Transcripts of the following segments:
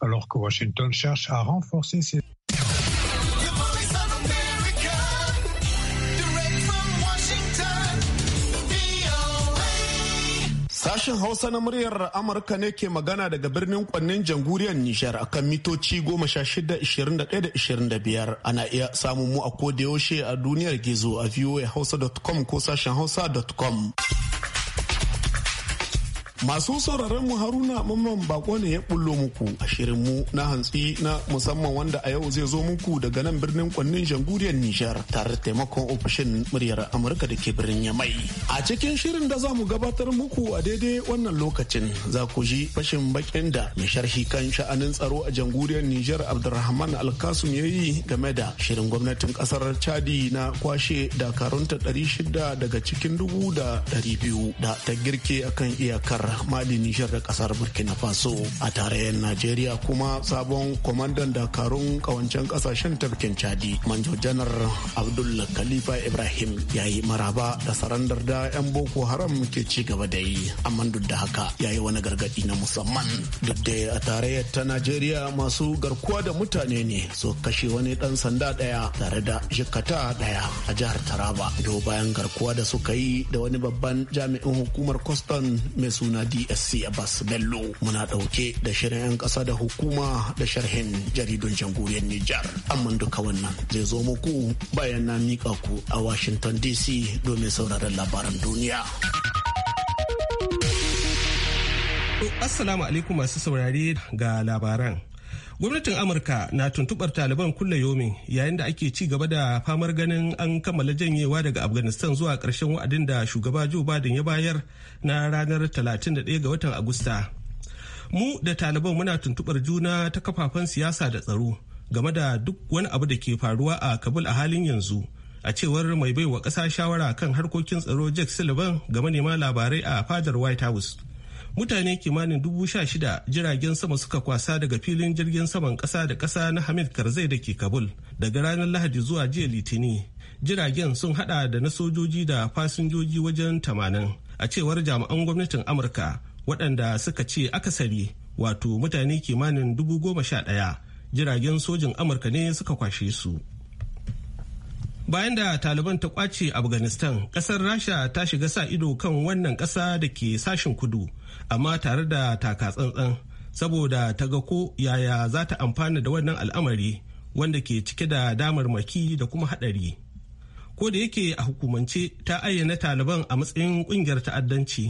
alors que Washington cherche à renforcer ses... Sashen Hausa na muryar Amurka ne ke magana daga birnin kwannin jamhuriyar Nijar a kan mitoci 16-21-25 ana iya samun mu a kodayaushe a duniyar gizo a voahausa.com ko sashen hausa.com. Masu sauraron mu Haruna Mamman Bako ne ya bullo muku a shirin mu na hantsi na musamman wanda a yau zai zo muku daga nan birnin kwannin Janguriyar Nijar tare da taimakon ofishin muryar Amurka da ke birnin Yamai. A cikin shirin da za mu gabatar muku a daidai wannan lokacin za ku ji fashin bakin da mai sharhi kan sha'anin tsaro a jamhuriyar Nijar Abdulrahman Alkasum ya yi game da shirin gwamnatin kasar Chadi na kwashe dakarunta 600 daga cikin dubu da 200 da ta girke akan iyakar ma'adini da kasar burkina faso a tarayyar najeriya kuma sabon kwamandan dakarun kawancen kasashen tafkin chadi manjo janar abdul khalifa ibrahim ya yi maraba da sarandar da 'yan boko haram ke ci gaba da yi amma duk da haka ya yi wani gargadi na musamman duk da a tarayyar ta najeriya masu garkuwa da mutane ne so kashe wani dan sanda daya tare da jikata daya a jihar taraba do bayan garkuwa da suka yi da wani babban jami'in hukumar kwastan mai suna suna dsc abbas bello muna ɗauke da shirin 'yan ƙasa da hukuma da sharhin jaridun jamhuriyar nijar amma duka wannan zai zo muku bayan na mika ku a washington dc domin sauraron labaran duniya assalamu alaikum masu saurare ga labaran gwamnatin amurka na tuntubar taliban kulle yomin yayin da ake ci gaba da famar ganin an kammala janyewa daga afghanistan zuwa ƙarshen wa'adin da shugaba joe biden ya bayar na ranar 31 ga watan agusta mu da taliban muna tuntubar juna ta kafafen siyasa da tsaro game da duk wani abu da ke faruwa a kabul a halin yanzu a cewar mai baiwa kasa shawara kan harkokin tsaro jack sullivan ga manema labarai a fadar white house mutane kimanin dubu sha shida jiragen sama suka kwasa daga filin jirgin saman kasa da kasa na hamid karzai da ke kabul daga ranar lahadi zuwa jiya litini jiragen sun hada da na sojoji da fasinjoji wajen tamanin a cewar jami'an gwamnatin amurka waɗanda suka ce akasari wato mutane kimanin dubu goma sha ɗaya jiragen sojin amurka ne suka kwashe su bayan da taliban ta kwace afghanistan kasar rasha ta shiga sa ido kan wannan kasa da ke sashen kudu amma tare da taka tsantsan saboda ta ga ko yaya za ta amfana da wannan al'amari wanda ke cike da damar maki da kuma hadari ko da yake a hukumance ta ayyana taliban a matsayin kungiyar ta'addanci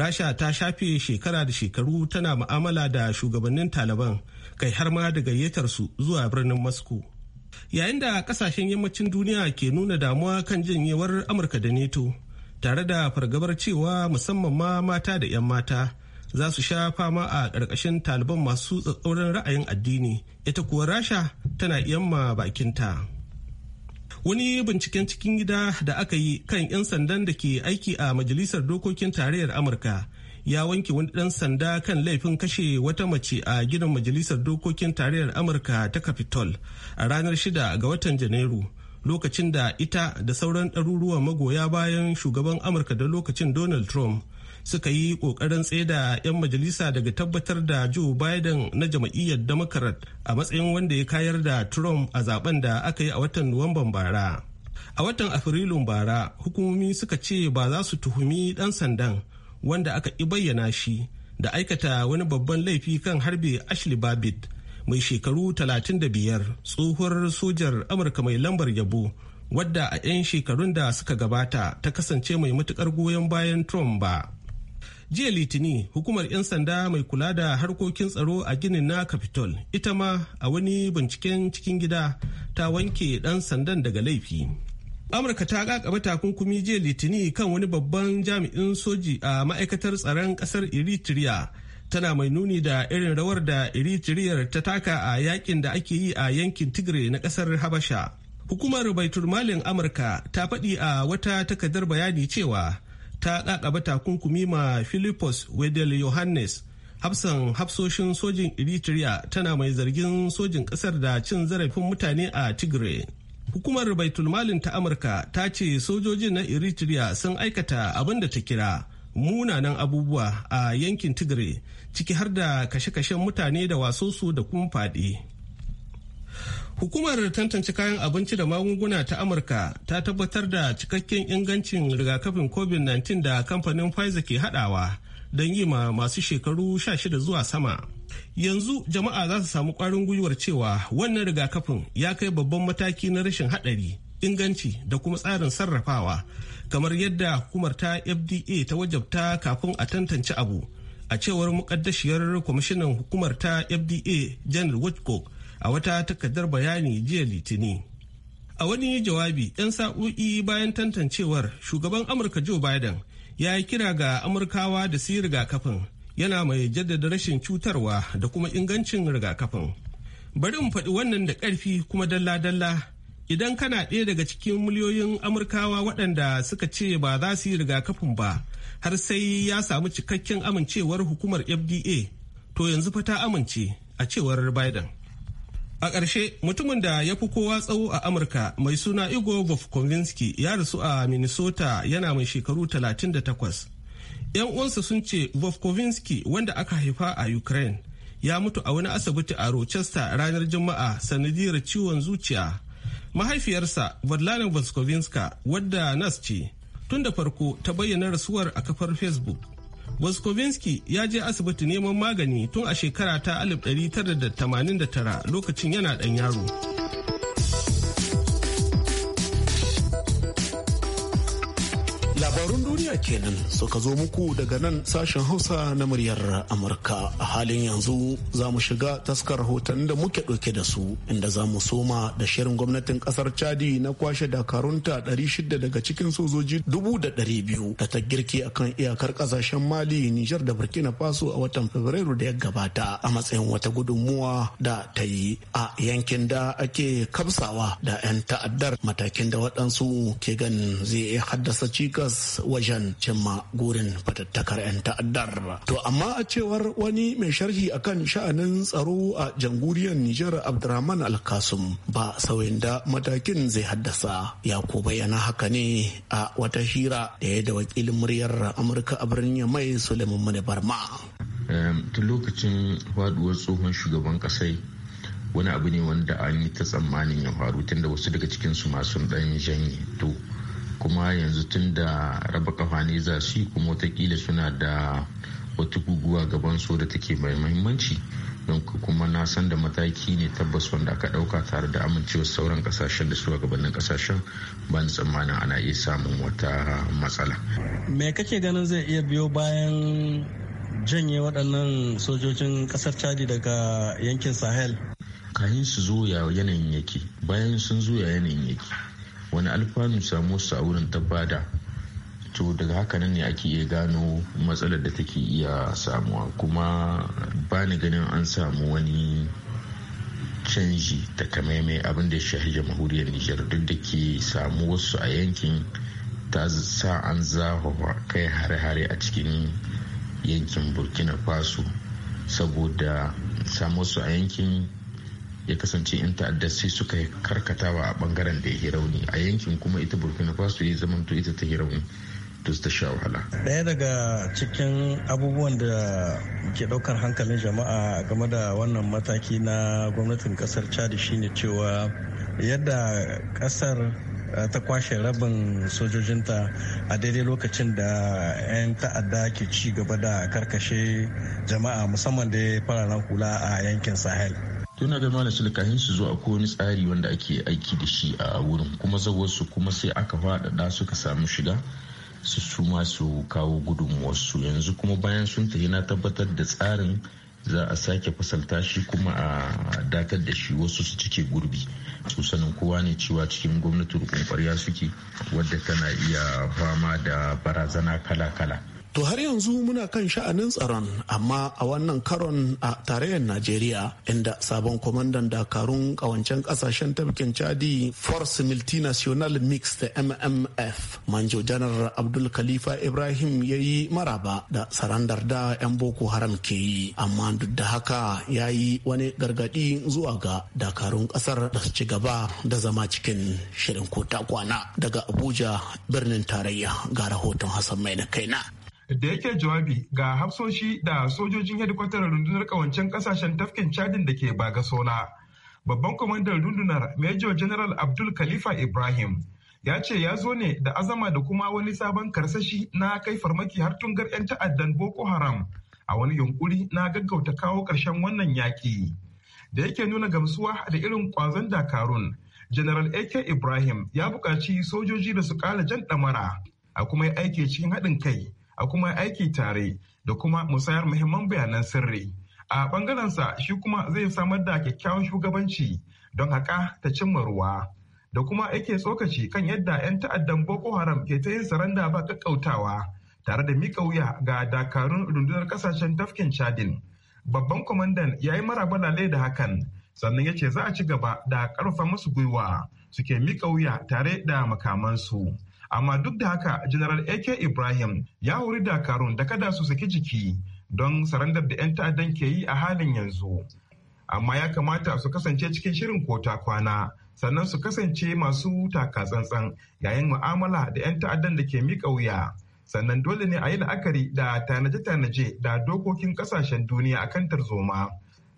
rasha ta shafe shekara da shekaru tana mu'amala da shugabannin taliban kai har ma da gayyatar su zuwa birnin moscow yayin da kasashen yammacin duniya ke nuna damuwa kan janyewar amurka da neto tare da fargabar cewa musamman ma mata da 'yan mata za su sha fama a ƙarƙashin taliban masu tsatsauran ra'ayin addini ita kuwa rasha tana yamma bakinta wani binciken cikin gida da aka yi kan 'yan sandan da ke aiki a majalisar dokokin tarayyar amurka ya wanke wani dan sanda kan laifin kashe wata mace a gidan majalisar dokokin tarayyar amurka ta capitol a ranar 6 ga watan janairu lokacin da ita da sauran ɗaruruwan magoya bayan shugaban amurka da lokacin donald trump suka yi kokarin tseda 'yan majalisa daga tabbatar da Joe Biden na jam'iyyar Democrat a matsayin wanda ya kayar da Trump a zaben da aka yi a watan Nuwamban bara. A watan Afrilun bara, hukumomi suka ce ba za su tuhumi dan sandan wanda aka ƙi bayyana shi da aikata wani babban laifi kan harbe Ashley Babbitt mai shekaru 35 tsohuwar sojar Amurka mai lambar yabo wadda a 'yan shekarun da suka gabata ta kasance mai matukar goyon bayan Trump ba. Jiya Litini, hukumar 'yan sanda mai kula da harkokin tsaro a ginin na Capitol, ita ma a wani binciken cikin gida ta wanke ɗan sandan daga laifi. amurka ta kakaba takunkumi jiya litini kan wani babban jami'in soji a ma'aikatar tsaron kasar eritrea tana mai nuni da irin rawar da eritrea ta taka a yakin da ake yi a yankin tigray na kasar habasha hukumar baitul malin amurka ta faɗi a wata takardar bayani cewa ta kakaba takunkumi ma philippus wedel yohannes hafsan hafsoshin sojin eritrea tana mai zargin sojin kasar da cin zarafin mutane a tigray Hukumar Baitulmalin ta Amurka ta ce sojojin na Eritrea sun aikata abin da ta kira munanan abubuwa a yankin Tigray ciki har da kashe-kashen mutane da wasosu da kuma fadi. Hukumar tantance kayan abinci da magunguna ta Amurka ta tabbatar da cikakken ingancin rigakafin COVID-19 da kamfanin Pfizer ke hadawa don yi ma masu shekaru 16 zuwa sama. yanzu jama'a za su samu kwarin gwiwar cewa wannan rigakafin ya kai babban mataki na rashin haɗari inganci da kuma tsarin sarrafawa kamar yadda hukumar ta fda ta wajabta kafin a tantance abu a cewar mukaddashiyar kwamishinan hukumar ta fda janar woodcock a wata takardar bayani jiya litini a wani jawabi 'yan sa'o'i bayan tantancewar shugaban amurka joe biden ya yi kira ga amurkawa da su yi rigakafin yana mai jaddada rashin cutarwa da kuma ingancin rigakafin bari mu faɗi wannan da ƙarfi kuma dalla-dalla idan kana ɗaya daga cikin miliyoyin amurkawa waɗanda suka ce ba za su yi rigakafin ba har sai ya samu cikakken amincewar hukumar fda to yanzu fa ta amince a cewar biden a ƙarshe mutumin da ya fi kowa tsawo a amurka mai suna igor vovkovinsky ya rasu a minnesota yana mai shekaru 38 'Yan uwansa sun ce Vovkovinsky wanda aka haifa a Ukraine ya mutu a wani asibiti a Rochester ranar Juma'a sanadiyar ciwon zuciya. Mahaifiyarsa Vladimir vovkovinska wadda nas ce tun da farko ta bayyana rasuwar a kafar Facebook. Voskovinsky ya je asibiti neman magani tun a shekara ta 1989 lokacin yana ɗan yaro. Labarun duniya kenan suka zo muku daga nan sashen Hausa na muryar Amurka. A halin yanzu za mu shiga taskar rahoton da muke ɗauke da su inda za mu soma da shirin gwamnatin ƙasar Chadi na kwashe dakarunta 600 daga cikin sojoji 200,000 da ta girki akan iyakar ƙasashen Mali, Nijar da Burkina Faso a watan Fabrairu da ya gabata a matsayin wata gudunmuwa da ta yi a yankin da ake kabsawa da 'yan ta'addar matakin da waɗansu ke ganin zai haddasa cikas takwas wajen cimma gurin fatattakar 'yan ta'addar. To amma a cewar wani mai sharhi akan sha'anin tsaro a jamhuriyar Nijar Abdurrahman Alkasum ba sauyin da matakin zai haddasa ya ko bayyana haka ne a wata hira da ya da wakilin muryar Amurka a birnin Yamai Suleiman Mani Barma. Tun lokacin faduwar tsohon shugaban kasai wani abu ne wanda an yi ta tsammanin ya faru tunda wasu daga cikin su masu ɗan janye to kuma yanzu tun da raba kafa ne za su yi kuma watakila suna da wata guguwa gaban so da take mai mahimmanci don kuma na san da mataki ne tabbas wanda aka dauka tare da amincewar sauran kasashen da su gabanin kasashen ban tsammanin ana iya samun wata matsala me kake ganin zai iya biyo bayan janye waɗannan sojojin ƙasar chadi daga yankin sahel kayan su zo ya yanayin yake bayan sun zo ya yanayin yake wani alfanu samu wasu a wurin ta bada to daga haka nan ne ake iya gano matsalar da take iya samuwa kuma ba ni ganin an samu wani canji takamaimai abin da ya shahi jamhuriyar nijar duk da ke samu wasu a yankin ta sa an zafafa kai hare-hare a cikin yankin burkina faso saboda samu wasu a yankin ya kasance 'yan ta'addar sai suka karkatawa a bangaren da ya rauni a yankin kuma ita burkina faso ya zamanto ita ta rauni duk sha wahala. Daya daga cikin abubuwan da ke daukar hankalin jama'a game da wannan mataki na gwamnatin kasar Chad shine cewa yadda kasar eh, ta kwashe rabin sojojinta a daidai lokacin da 'yan ta'adda ke ci gaba da karkashe jama'a musamman da ya fararen hula a yankin sahel. tuna ga malam sulkahin su zo a wani tsari wanda ake aiki da shi a wurin kuma zawarsu kuma sai aka faɗaɗa suka samu shiga su su masu kawo gudunmuwarsu yanzu kuma bayan sun tafi na tabbatar da tsarin za a sake fasalta shi kuma a datar da shi wasu su cike gurbi su sanin kowa ne cewa cikin gwamnati rukun kwarya suke wadda tana iya fama da barazana kala-kala To har yanzu muna kan sha'anin tsaron amma a wannan karon a tarayyar Najeriya inda sabon kwamandan dakarun kawancen kasashen tafkin Chadi Force Multinational Mix da MMF Manjo Janar Abdul Khalifa Ibrahim ya yi maraba da sarandar da 'yan Boko Haram ke yi amma duk da haka ya yi wani gargadi zuwa ga dakarun kasar da su ci gaba da zama cikin shirin kota kwana daga Abuja birnin tarayya ga rahoton Hassan Mai na kaina. da yake jawabi ga hafsoshi da sojojin hedikwatar rundunar kawancen kasashen tafkin chadin da ke bagasona babban kwamandan rundunar major general abdul khalifa ibrahim ya ce ya zo ne da azama da kuma wani sabon karsashi na kai farmaki har tungar 'yan ta'addan boko haram a wani yunkuri na gaggauta kawo ƙarshen wannan yaƙi da yake nuna gamsuwa da irin kwazon dakarun general ak ibrahim ya buƙaci sojoji da su ƙala jan ɗamara a kuma yi aiki cikin haɗin kai a kuma aiki tare da kuma musayar muhimman bayanan sirri. A ɓangarensa shi kuma zai samar da kyakkyawan shugabanci don haƙa ta cimma ruwa. Da kuma yake tsokaci kan yadda 'yan ta'addan Boko Haram ke ta yin saranda ba kakkautawa tare da mika wuya ga dakarun rundunar kasashen tafkin Chadin. Babban kwamandan ya yi maraba da hakan sannan ya ce za a ci gaba da ƙarfafa musu gwiwa suke mika wuya tare da makamansu. amma duk da haka general ak ibrahim ya wuri dakarun da kada su saki jiki don sarandar da 'yan ta'addan ke yi a halin yanzu amma ya kamata su kasance cikin shirin kota kwana sannan su kasance masu taka tsantsan yayin mu'amala da 'yan ta'addan da ke miƙa wuya sannan dole ne a yi la'akari da tanaje-tanaje da dokokin kasashen duniya a akan tarzoma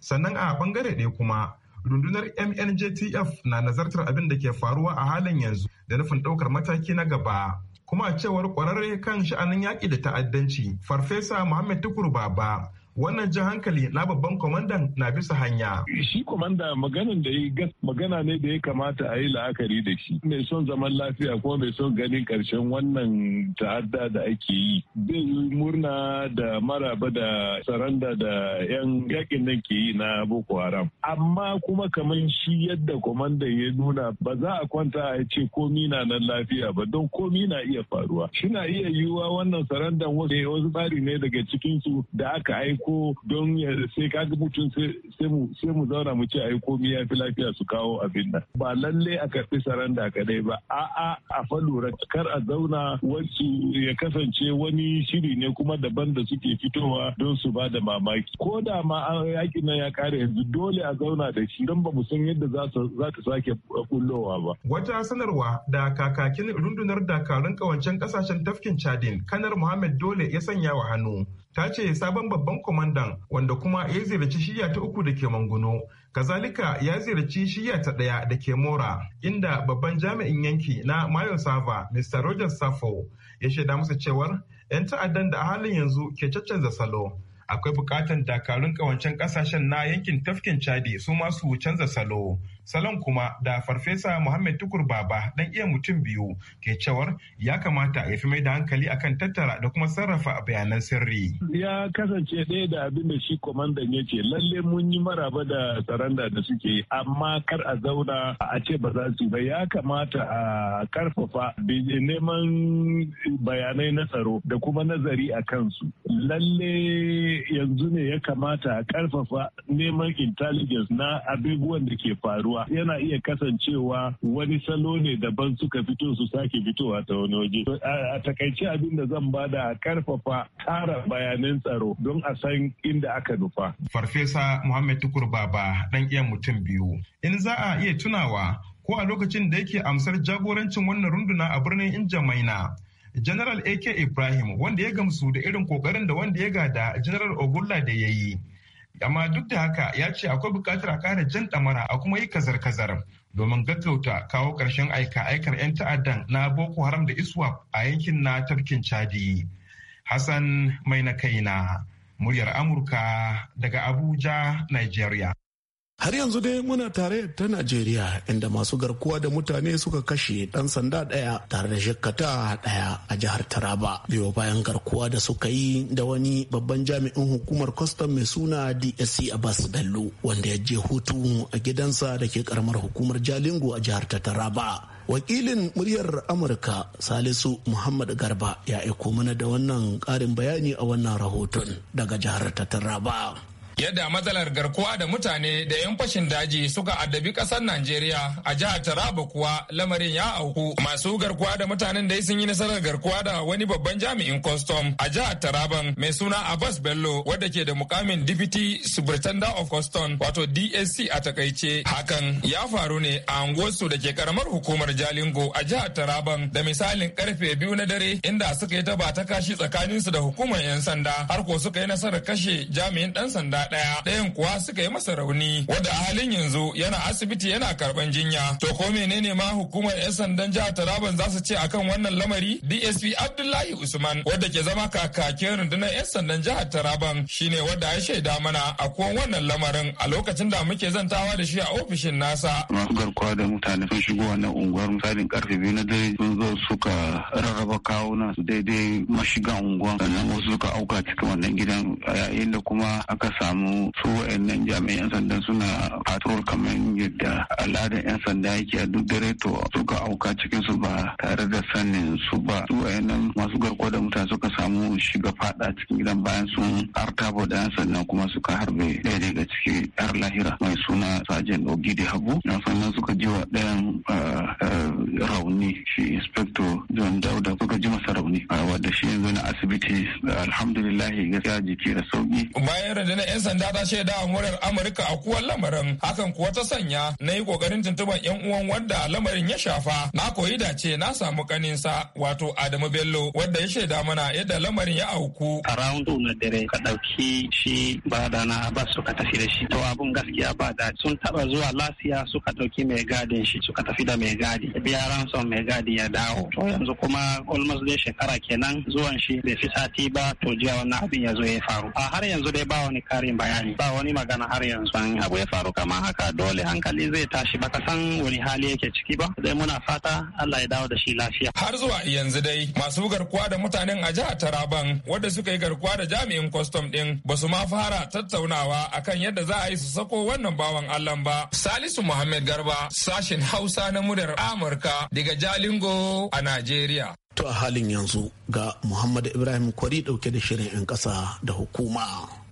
sannan a bangare ɗaya kuma rundunar mnjtf na nazartar abin da ke faruwa a halin yanzu da nufin ɗaukar mataki na gaba kuma cewar kwararre kan sha'anin yaƙi da ta'addanci farfesa muhammad tukur baba wannan ji hankali na babban kwamandan na bisa hanya. Shi kwamanda maganin da yi magana ne da ya kamata a yi la'akari da shi. Mai son zaman lafiya ko mai son ganin karshen wannan ta'adda da ake yi. Bin murna da maraba da saranda da yan yakin nan ke yi na Boko Haram. Amma kuma kamar shi yadda kwamandan ya nuna ba za a kwanta a ce komi na nan lafiya ba don komi na iya faruwa. Shina iya yiwuwa wannan sarandan eh, wasu tsari ne daga cikinsu da aka aiki ko don sai kaga mutum sai mu zauna mu ce ai komi ya fi lafiya su kawo abin nan ba lallai a karɓi saranda kadai ba a'a a fa lura kar a zauna wasu ya kasance wani shiri ne kuma daban da suke fitowa don su ba da mamaki ko da ma yakin nan ya kare yanzu dole a zauna da shi don ba mu san yadda za ta sake kullowa ba wata sanarwa da kakakin rundunar dakarun kawancen kasashen tafkin chadin kanar muhammad dole ya sanya wa hannu ta ce sabon babban kwamandan wanda kuma ya ziyarci shiya ta uku da ke manguno kazalika ya ziyarci shiya ta ɗaya da ke mora inda babban jami'in yanki na mayo sava mr roger safo ya shaida musu cewar 'yan ta'addan da a halin yanzu ke caccanza salo akwai bukatan dakarun kawancen kasashen na yankin tafkin chadi su masu canza salo salon kuma da farfesa muhammed tukur baba dan iya mutum biyu ke cewar ya kamata ya fi mai da hankali akan tattara da kuma sarrafa bayanan sirri ya kasance ɗaya da abin da shi kwamandan ya ce lalle mun yi maraba da saranda da suke amma kar a zauna a ce ba za su ba ya kamata a karfafa neman bayanai na tsaro da kuma nazari a kansu lalle yanzu ne ya kamata a karfafa neman intelligence na abubuwan da ke faruwa yana iya kasancewa wani salo ne daban suka fito su sake fitowa ta wani waje a takaice abin da zan ba da karfafa ƙara bayanan tsaro don a san inda aka nufa farfesa muhammad tukur baba dan iya mutum biyu in za a iya tunawa ko a lokacin da yake amsar jagorancin wannan runduna a birnin injamaina General AK Ibrahim wanda ya gamsu da irin kokarin da wanda ya gada General Ogulla da ya yi. Amma duk da haka ya ce akwai bukatar a kara jan ɗamara a kuma yi kazar-kazar domin gaggauta kawo ƙarshen aika-aikar 'yan ta'addan na Boko Haram da Iswap a yankin na tafkin Chadi. Hassan mai na kaina, muryar Amurka daga Abuja, Nigeria. har yanzu dai muna tare ta najeriya inda masu garkuwa da mutane suka kashe dan sanda daya tare da shakata daya a jihar taraba biyo bayan garkuwa da suka yi da wani babban jami'in hukumar kwastam mai suna dsc abbas bello wanda ya je hutu a gidansa da ke karamar hukumar jalingo a jihar ta taraba wakilin muryar amurka salisu muhammad garba ya aiko mana da wannan karin bayani a wannan rahoton daga jihar ta taraba yadda matsalar garkuwa da mutane da 'yan fashin daji suka addabi kasar Najeriya a jihar Taraba kuwa lamarin ya auku masu garkuwa da mutanen da sun yi nasarar garkuwa da wani babban jami'in custom a jihar Taraban mai suna Abbas Bello wadda ke da mukamin Deputy Superintendent of Custom wato DSC a takaice hakan ya faru ne a anguwarsu da ke karamar hukumar Jalingo a jihar Taraban da misalin karfe biyu na dare inda suka yi ta ba ta kashi tsakaninsu da hukumar 'yan sanda har ko suka yi nasarar kashe jami'in dan sanda daya ɗayan kuwa suka yi masa rauni wanda halin yanzu yana asibiti yana karban jinya to ko menene ma hukumar 'yan sandan jihar Taraban za su ce akan wannan lamari DSP Abdullahi Usman wanda ke zama kakakin rundunar 'yan sandan jihar Taraban shine wanda ya shaida mana a kowane wannan lamarin a lokacin da muke zantawa da shi a ofishin nasa. Masu garkuwa da mutane sun shigo wannan unguwar misalin karfe biyu na dare sun zo suka rarraba kawuna daidai mashigan unguwar sannan wasu suka auka cikin wannan gidan yayin da kuma aka samu samu su wayannan jami'an sanda suna patrol kamar yadda al'adar 'yan sanda yake a duk dare to suka auka cikin su ba tare da sanin su ba su wayannan masu garkuwa da mutane suka samu shiga fada cikin gidan bayan sun artabo da 'yan sanda kuma suka harbe ɗaya daga ciki har lahira mai suna sajen ogidi habu sannan suka ji wa ɗayan rauni shi inspector john dauda suka ji masa rauni wadda shi yanzu na asibiti alhamdulillah gaskiya jiki da sauki bayan rundunar 'yan 'yan sanda ta shaida a murar Amurka a kuwan lamarin hakan kuwa ta sanya na yi kokarin tuntuban 'yan uwan wanda lamarin ya shafa na koyi dace na samu kaninsa wato Adamu Bello wanda ya shaida mana yadda lamarin ya auku. A raundu na dare ka ɗauki shi ba da na ba suka tafi da shi to abun gaskiya ba da sun taɓa zuwa lasiya suka ɗauki mai gadin shi suka tafi da mai gadi biya ransom mai gadi ya dawo to yanzu kuma almost dai shekara kenan zuwan shi bai fi sati ba to jiya wannan abin ya zo ya faru a har yanzu dai ba wani kariya yin bayani ba wani magana har yanzu an abu ya faru kama haka dole hankali zai tashi baka san wani hali yake ciki ba sai muna fata Allah ya dawo da shi lafiya har zuwa yanzu dai masu garkuwa da mutanen a jihar Taraban wanda suka yi garkuwa da jami'in kwastam din ba su ma fara tattaunawa akan yadda za a yi su sako wannan bawan Allah ba Salisu Muhammad Garba sashin Hausa na mudar Amurka daga Jalingo a Najeriya To a halin yanzu ga Muhammadu Ibrahim Kwari dauke da shirin 'yan ƙasa da hukuma.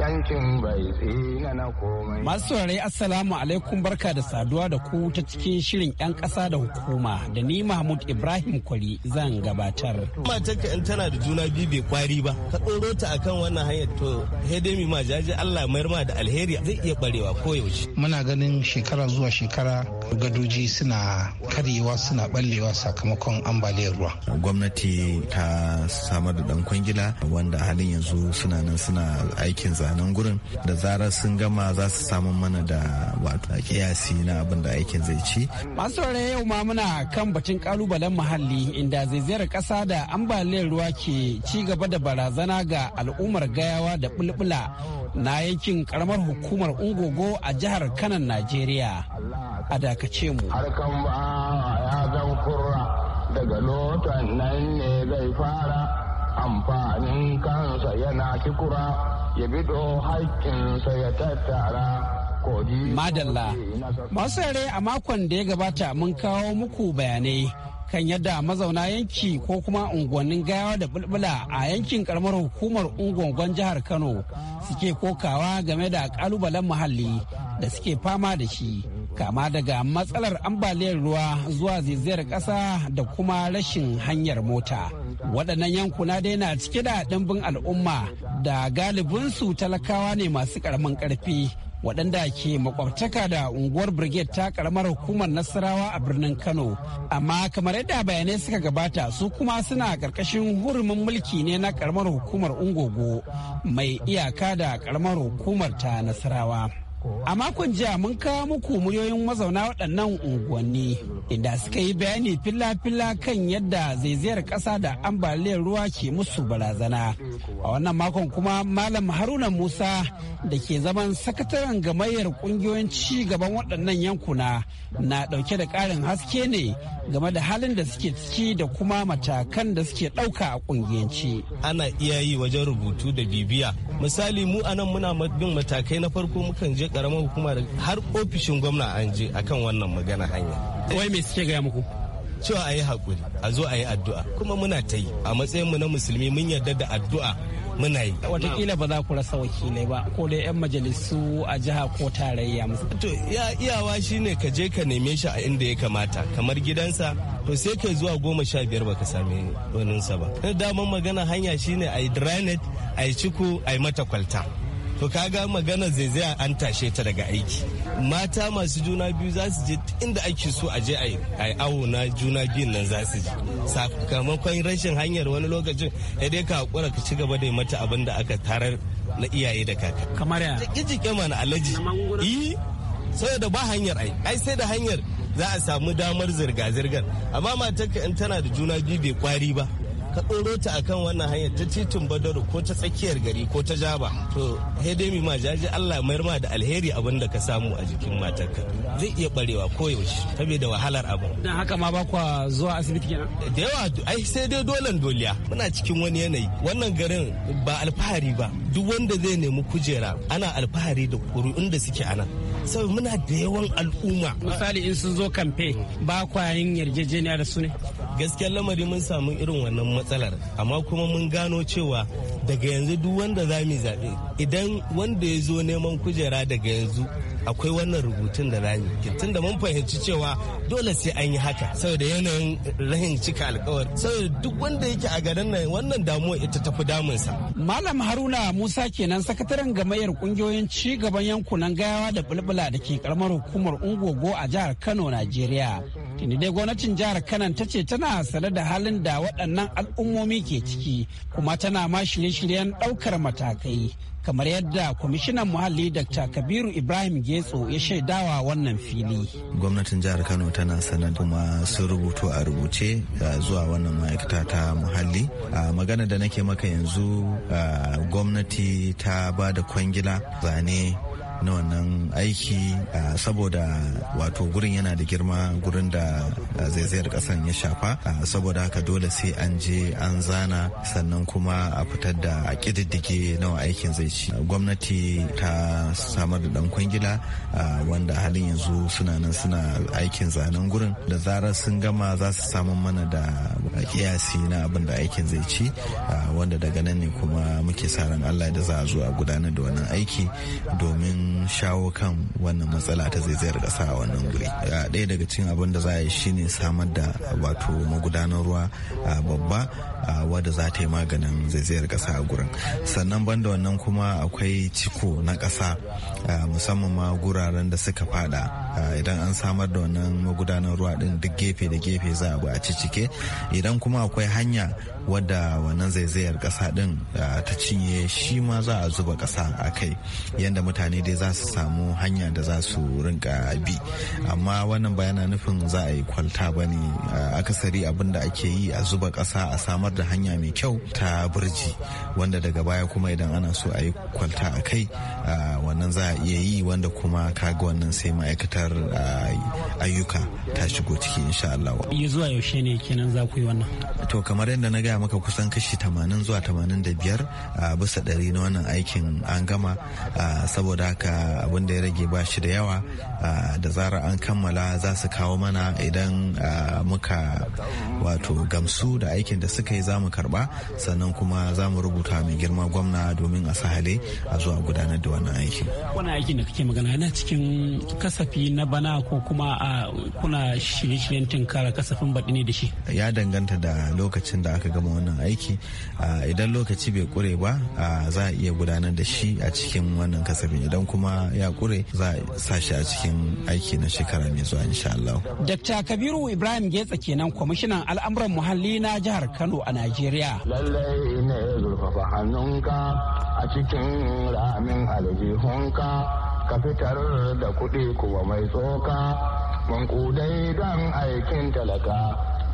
yancin bai tsina na komai. Masu saurare Assalamu alaikum barka da saduwa da ku ta cikin shirin 'yan ƙasa da hukuma da ni Mahmud Ibrahim Kwari zan gabatar. Matanka in tana da juna biyu bai kwari ba, ka ɗoro ta akan wannan hanyar to hedemi ma jaji Allah mayar ma da alheri zai iya barewa yaushe. Muna ganin shekara zuwa shekara gadoji suna karyewa suna ballewa sakamakon ambaliyar ruwa. Gwamnati ta samar da dankwangila wanda halin yanzu suna nan suna aikin su gurin da zarar sun gama za su samu mana da wato kiyasi na abin da aikin zai ci. Masu saurare yau ma muna kan batun kalubalen muhalli inda zaizayar kasa da ambaliyar ruwa ke ci gaba da barazana ga al'ummar gayawa da bulbula na yankin karamar hukumar ungogo a jihar kanan najeriya a dakace mu daga lotan nan ne zai fara amfanin kansa yana kikura ya bido haƙƙinsa ya tattara Madalla, masu a makon da ya gabata mun kawo muku bayanai kan yadda mazauna yanki ko kuma unguwannin gawa da bulbula a yankin karamar hukumar unguwan jihar kano suke kokawa game da kalubalen muhalli da suke fama da shi kama daga matsalar ambaliyar ruwa zuwa zaizayar ƙasa da kuma rashin hanyar mota waɗannan yankuna dai na cike da ɗimbin al'umma da galibinsu talakawa ne masu ƙaramin ƙarfi waɗanda ke makwabtaka da unguwar brigade ta karamar hukumar nasarawa a birnin kano amma kamar yadda bayanai suka gabata su kuma suna ƙarƙashin hurumin mulki ne na karamar hukumar ungogo mai iyaka da karamar hukumar ta nasarawa A makon jiya mun kawo muku muryoyin mazauna waɗannan unguwanni inda suka yi bayani filla-filla kan yadda zaizayar ƙasa da ambaliyar ruwa ke musu barazana. A wannan makon kuma Malam Haruna Musa da ke zaman sakataren gamayyar ƙungiyoyin ci gaban waɗannan yankuna na ɗauke da ƙarin haske ne game da halin da suke ciki da kuma matakan da suke ɗauka a ƙungiyanci. Ana iya yi wajen rubutu da bibiya. Misali mu anan muna bin matakai na farko mukan je karamar hukuma har ofishin gwamna an je akan wannan magana hanya wai me suke gaya muku cewa a yi haƙuri a zo a yi addu'a kuma muna ta yi a matsayin mu na musulmi mun yarda da addu'a muna yi. Wataƙila ba za ku rasa wakilai ba ko dai 'yan majalisu a jiha ko tarayya. To ya iyawa shine ka je ka neme shi a inda ya kamata kamar gidansa to sai kai zuwa goma sha biyar baka sami waninsa ba. Daman magana hanya shine a yi drainage a yi ciko a yi mata kwalta. to kaga magana zaizaya an tashe ta daga aiki mata masu juna biyu za su je inda ake so a je a awo na juna biyun nan za su je sakamakon rashin hanyar wani lokacin ya dai ka hakura ka ci gaba da mata abin da aka tarar na iyaye da kaka kamar ya jike mana alaji yi saboda ba hanyar ai ai sai da hanyar za a samu damar zirga-zirgar amma matarka in tana da juna biyu bai kwari ba ka ɗoro ta akan wannan hanyar ta titin badaru ko ta tsakiyar gari ko ta jaba to hedemi ma jaji Allah mayar ma da alheri abin da ka samu a jikin matarka zai iya barewa ko yaushe da wahalar abin dan haka ma ba kwa zuwa asibiti kenan da yawa ai sai dai dolan doliya muna cikin wani yanayi wannan garin ba alfahari ba duk wanda zai nemi kujera ana alfahari da kuri'un da suke anan saboda muna da yawan al'umma misali in sun zo kamfe ba yin yarjejeniya da su ne gaskiyar lamari mun samu irin wannan matsalar amma kuma mun gano cewa daga yanzu duk wanda za mu zaɓe idan wanda ya zo neman kujera daga yanzu akwai wannan rubutun da rani tun da mun fahimci cewa dole sai an yi haka saboda yanayin rahin cika alkawar saboda duk wanda yake a garin nan wannan damuwa ita tafi damunsa malam haruna musa kenan sakataren gamayyar kungiyoyin ci gaban yankunan gayawa da bulbula da ke karamar hukumar ungogo a jihar kano najeriya tuni dai gwamnatin jihar kano ta ce tana sane da halin da waɗannan al'ummomi ke ciki kuma tana ma shirye-shiryen ɗaukar matakai kamar yadda kwamishinan muhalli dr kabiru ibrahim getso ya shaidawa wannan fili gwamnatin jihar kano tana sanar kuma sun rubutu a rubuce uh, zuwa wannan ma'aikata ta muhalli uh, magana da nake maka yanzu uh, gwamnati ta ba da kwangila zane na wannan aiki saboda wato gurin yana da girma gurin da zaizayar kasan ya shafa saboda haka dole sai an je an zana sannan kuma a fitar da a kididdige nawa aikin zai ci gwamnati ta samar da dan kwangila wanda halin yanzu suna nan suna aikin zanen gurin da zarar sun gama za su samu mana da kiyasi na abin da aikin zai ci wanda daga nan ne kuma muke sa ran allah da za a zo a gudanar da wannan aiki domin shawo kan wannan matsala ta zaizayar kasa a wannan guri ɗaya daga cikin abin da za a yi shine samar da wato magudanar ruwa babba wadda za ta yi maganin zaizayar kasa a gurin sannan banda wannan kuma akwai ciko na ƙasa musamman ma guraren da suka fada idan an samar da wannan magudanar ruwa din duk gefe da gefe za a a cicike idan kuma akwai hanya wadda wannan zaizayar ƙasa din ta cinye shi ma za a zuba ƙasa a kai yadda mutane dai dai za su samu hanya da za su rinka bi amma wannan ba yana nufin za a yi kwalta ba ne akasari abin da ake yi a zuba kasa a samar da hanya mai kyau ta birji wanda daga baya kuma idan ana so a yi kwalta a kai wannan za a iya yi wanda kuma kaga wannan sai ma'aikatar ayyuka ta shigo ciki insha Allah. zuwa yaushe ne kenan za ku yi wannan? To kamar yadda na gaya maka kusan kashi 80 zuwa 85 bisa ɗari na wannan aikin an gama saboda haka haka abin da ya rage ba shi da yawa da zarar an kammala za su kawo mana idan muka wato gamsu da aikin da suka yi za mu karba sannan kuma za mu rubuta mai girma gwamna domin a sahale a zuwa gudanar da wannan aikin. wani aikin da kake magana yana cikin kasafi na bana ko kuma a kuna shirye-shiryen tinkara kasafin baɗi ne da shi. ya danganta da lokacin da aka gama wannan aiki idan lokaci bai kure ba za a iya gudanar da shi a cikin wannan kasafin idan kuma ya kure za a sa shi a cikin aiki na shekara mai zuwa insha Allah. Dr. Kabiru Ibrahim Getsa kenan kwamishinan al'amuran muhalli na jihar Kano a Najeriya. Lallai ne zurfafa hannunka a cikin ramin aljihunka ka fitar da kuɗi kuwa mai tsoka mankudai don aikin talaka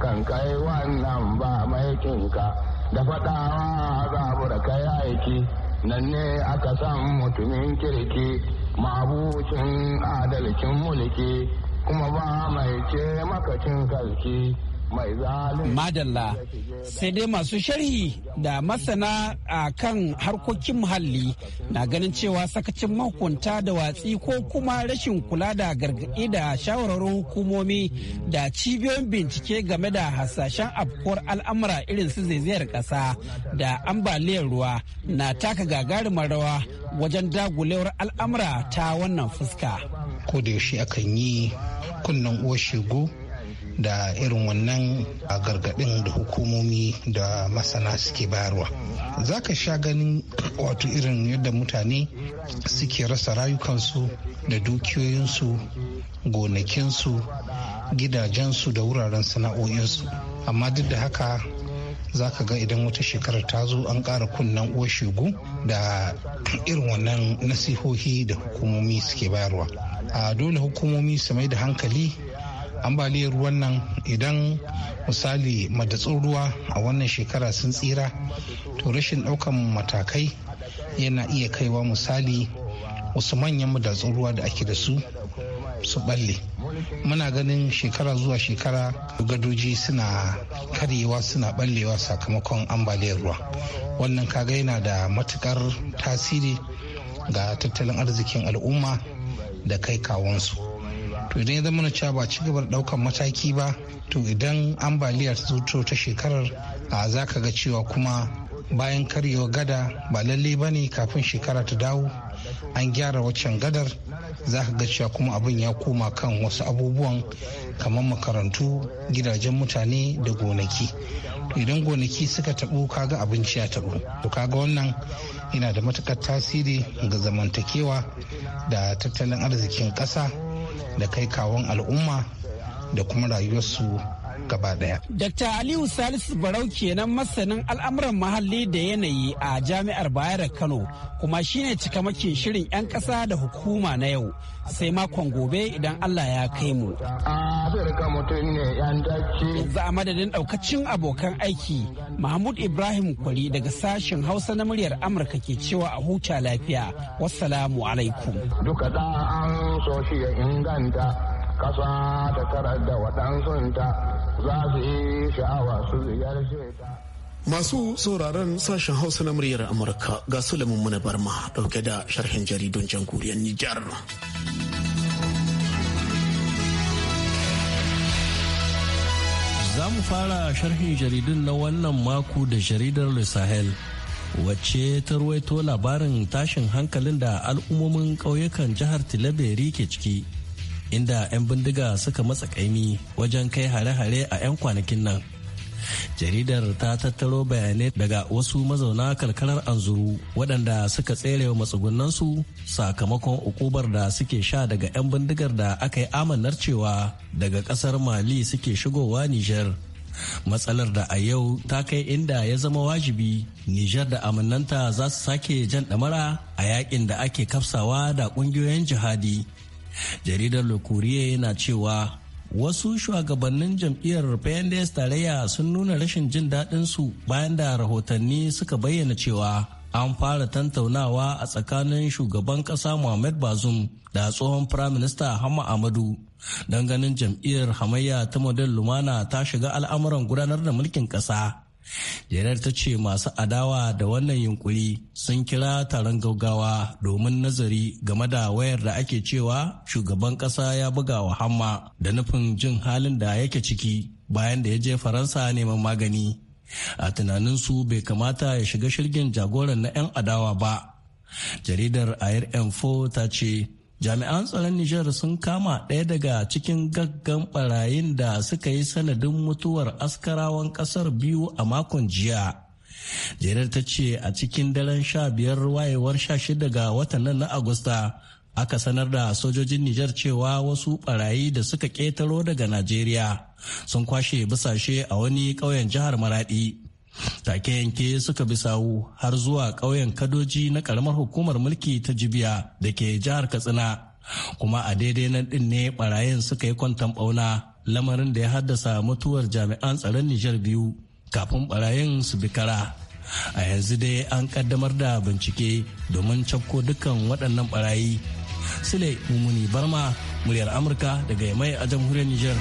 kan kai wannan ba maikinka da faɗawa zabura kai aiki nan ne aka san mutumin kirki mabucin adalcin mulki kuma ba mai ce makacin kalki Madalla sai dai masu sharhi da masana a kan harkokin muhalli na ganin cewa sakacin mahukunta da watsi ko kuma rashin kula da gargaɗi da shawararin hukumomi da cibiyoyin bincike game da hasashen afkuwar al'amura irin su zaizayar ƙasa da ambaliyar ruwa na taka gagarumar rawa wajen dagulewar al'amura ta wannan fuska. Ko da yaushe akan yi kunnen uwar shigo da irin wannan a gargaɗin da hukumomi da masana suke bayarwa za ka sha ganin wato irin yadda mutane suke rasa rayukansu da dukiyoyinsu gonakinsu gidajensu da wuraren sana'o'insu amma duk da haka za ka ga idan wata shekarar ta zo an ƙara kunnen oshigu da irin wannan nasihohi da hukumomi suke bayarwa a dole hukumomi su mai da hankali ambaliyar ruwan nan idan misali madatsun ruwa a wannan shekara sun tsira to rashin daukan matakai yana iya kaiwa misali wasu manyan madatsun ruwa da ake da su su balle muna ganin shekara zuwa shekara gadoji suna karyewa suna ballewa sakamakon ambaliyar ruwa wannan kaga yana da matukar tasiri ga tattalin arzikin al'umma da kai kawonsu to idan ya zama na cewa ba ci gaba da daukan mataki ba to idan ambaliyar ta zo ta shekarar a za ka ga cewa kuma bayan karyewa gada ba lalle ba ne kafin shekara ta dawo an gyara waccan gadar za ka ga cewa kuma abin ya koma kan wasu abubuwan kamar makarantu gidajen mutane da gonaki idan gonaki suka taɓo kaga abinci ya taɓo to kaga wannan yana da matukar tasiri ga zamantakewa da tattalin arzikin ƙasa da kai kawon al'umma da kuma rayuwarsu gaba daya. Dr. Aliyu Salisu Barau kenan masanin al'amuran muhalli da yanayi a Jami'ar Bayero Kano kuma shine cikamakin shirin 'yan kasa da hukuma na yau sai makon gobe idan Allah ya kai mu. Za a madadin ɗaukacin abokan aiki Mahmud Ibrahim Kwari daga sashen Hausa na muryar Amurka ke cewa a huta lafiya. Wassalamu alaikum. Duka da an so shi ya inganta kasa ta tarar da waɗansunta za su yi sha'awa su ziyarce ta. Masu sauraron sashen Hausa na muryar Amurka ga Sulaiman Muna Barma ɗauke da sharhin jaridun jamhuriyar Nijar. Za mu fara sharhin jaridun na wannan mako da jaridar Le Sahel. wacce ta ruwaito labarin tashin hankalin da al'ummomin ƙauyukan jihar tilaberi ke ciki inda 'yan bindiga suka matsa kaimi wajen kai hare-hare a 'yan kwanakin nan jaridar ta tattaro bayanai daga wasu mazauna karkarar anzuru waɗanda suka tsere wa matsugunansu sakamakon ukubar da suke sha daga 'yan bindigar da aka yi amanar cewa daga ƙasar mali suke shigowa nijar matsalar da a yau ta kai inda ya zama wajibi nijar da amannanta za su sake jan ɗamara a yakin da ake kafsawa da ƙungiyoyin jihadi jaridar lokuriya yana cewa wasu shugabannin jam'iyyar pnds tarayya sun nuna rashin jin daɗin bayan da rahotanni suka bayyana cewa an fara tantaunawa a tsakanin shugaban ƙasa muhammad bazum da tsohon firaminista hama amadu don ganin jam'iyyar hamayya ta model lumana ta shiga al'amuran gudanar da mulkin ƙasa Jerar ta ce masu adawa da wannan yunkuri sun kira taron gaugawa domin nazari game da wayar da ake cewa shugaban ƙasa ya buga wa hamma da nufin jin halin da yake ciki bayan da ya je Faransa neman magani. A tunaninsu bai kamata ya shiga shirgin jagoran na 'yan adawa ba. Jaridar Air M4 ta ce jami'an tsaron Nijar sun kama ɗaya daga cikin gaggan ɓarayin da suka yi sanadin mutuwar askarawan ƙasar biyu a makon jiya. jerar ta ce a cikin daren sha biyar wayewar sha shida ga watan na agusta aka sanar da sojojin Nijar cewa wasu barayi da suka ƙetaro daga Najeriya sun kwashe bisashe a wani ƙauyen jihar maraɗi take yanke suka bi sawu har zuwa ƙauyen kadoji na ƙaramar hukumar mulki ta jibiya da ke jihar katsina kuma a daidai nan ɗin ne barayin suka yi kwantan ɓauna lamarin da ya haddasa mutuwar jami'an tsaron nijar biyu kafin barayin su bi kara a yanzu dai an kaddamar da bincike domin cakko dukkan waɗannan barayi, sule mumuni barma muryar amurka daga mai a jamhuriyar nijar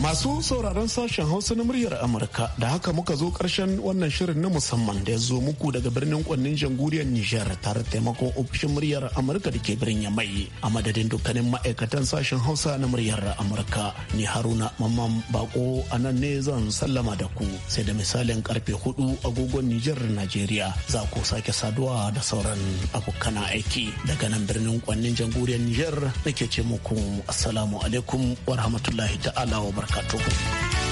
Masu sauraron sashen Hausa na muryar Amurka da haka muka zo ƙarshen wannan shirin na musamman da ya zo muku daga birnin kwannin jamhuriyar Nijar tare taimakon ofishin muryar Amurka da ke ya Yamai a madadin dukkanin ma'aikatan sashen Hausa na muryar Amurka. Ni Haruna Mamman Bako a nan ne zan sallama da ku sai da misalin karfe hudu agogon Nijar Najeriya za ku sake saduwa da sauran abokan aiki daga nan birnin kwannin jamhuriyar Nijar nake ce muku assalamu alaikum wa rahmatullahi ta'ala wa barakatuhu.